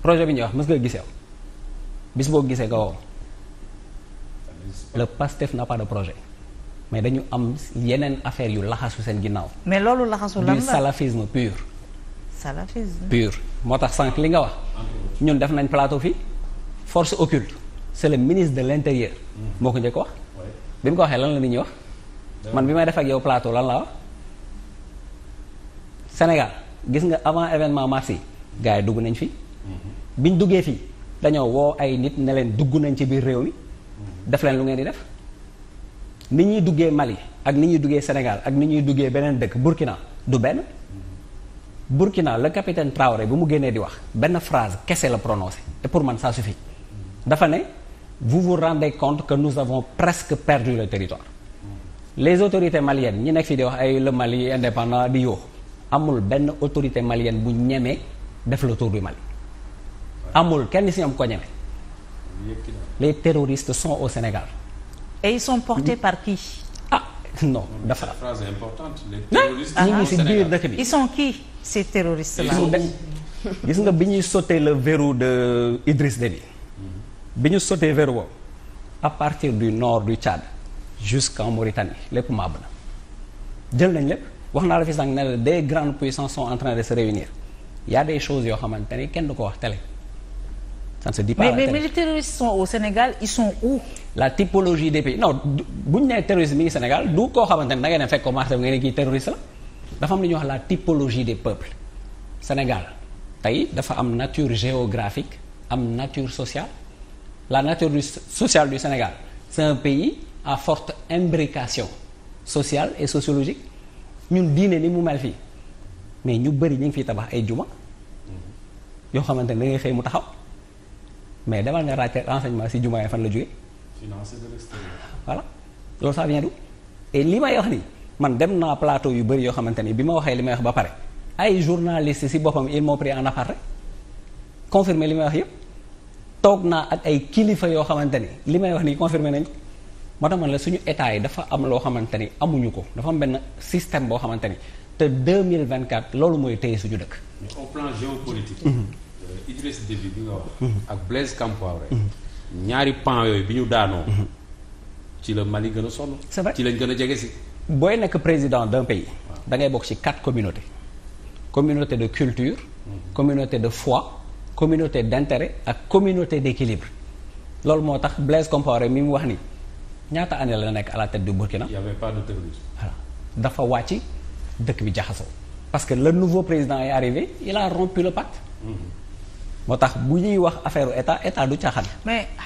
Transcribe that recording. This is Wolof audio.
projet bi ñuy wax mës nga gisee bis boo gisee nga woo le PASTEF n'a pas de projet mais dañu am yeneen affaire yu laxasu seen ginnaaw. mais loolu laxasu lan la du salafisme pur. salafisme pur moo tax sànq li nga wax. ñun def nañ plateau fii force occulte c'est le ministre de l'intérieur. moo ko njëkk wax. bi mu ko waxee lan la nit ñi wax. man bi may def ak yow plateau lan la wax. Sénégal gis nga avant événement mars yi gars yi dugg nañ fi. biñ duggee fii dañoo woo ay nit ne leen dugg nañ ci biir réew mi daf leen lu ngeen di def ni ñuy duggee Mali ak ni ñuy duggee Sénégal ak ni ñuy duggee beneen dëkk Burkina du benn Burkina la capitaine Traoré bu mu génnee di wax benn phrase kese la prononcé et pour man ça suffit dafa ne vous vous rendez compte que nous avons presque perdu le territoire les autorités maliennes ñi nekk fii di wax ay le Mali indépendant di yoo amul benn autorité malienne bu ñemee def le Mali amul kenn si ñoom ko ñeme les terroristes sont au Sénégal. et ils sont portés par qui. ah non dafa. cette phrase est importante ñu si biir dëkk bi. ils sont qui ces terroristes là. gis nga bi ñuy sottee le verrou de Idriss Déby. bi ñu sauté verrou woowu. à partir du nord du Tchad. jusqu'en Mauritanie lépp maab na. jël nañ lépp wax naa la fi sànq ne des grandes puissances sont en train de se réunir y a des choses yoo xamante ne kenn du ko wax télé. sance ne se dit pas. mais mais les terroristes Sénégal ils sont où. la typologie des pays non bu ñu nee terroriste mi ngi Sénégal du koo xamante ne a fekk commencé nga ne kii terroriste la dafa am lu ñuy wax la typologie des peuples Sénégal tey dafa am nature géographique am nature sociale la nature du sociale du Sénégal c'est un pays à forte imbrication sociale et sociologique ñun diine ni mu mel fii mais ñu bëri ñu ngi fiy tabax ay juma yoo xamante ne xëy mu taxaw. mais demal nga raaj renseignement si jumaa yi fan la jóge financé de l'extérieur voilà loolu ça vient d'où et li may wax nii man dem naa plateau yu bëri yoo xamante ni bi ma waxee li may wax ba pare ay journalistes si boppam ils m'ont pris en aparté confirmé li may wax yëpp toog naa ak ay kilifa yoo xamante ni li may wax nii confirmé nañ ko moo tax man la suñu état yi dafa am loo xamante ni amuñu ko dafa am benn système boo xamante ni te 2024 loolu mooy téye suñu dëkk. au plan géopolitique. Mhm. Idriss Déby mhm. Blaise Compaoré. Mhm. ñaari pan yooyu bi ñu daanoo. Mhm. ci la Mali gën a sonn. c'est vrai ci lañ gën a jege si. booy nekk président d'un pays. da ngay bokk ci quatre communautés. communauté de culture. communauté de foi. communauté d'intérêt ak communauté d'équilibre. loolu moo tax Blaise Compaoré mi mu wax ni ñaata année la nekk à la tête du Burkina. il y avait pas dafa wàcc dëkk bi jaxasoo. parce que nouveau président est arrivé il a rompu le pacte. moo tax bu ñuy wax affaire état état du caaxaan. mais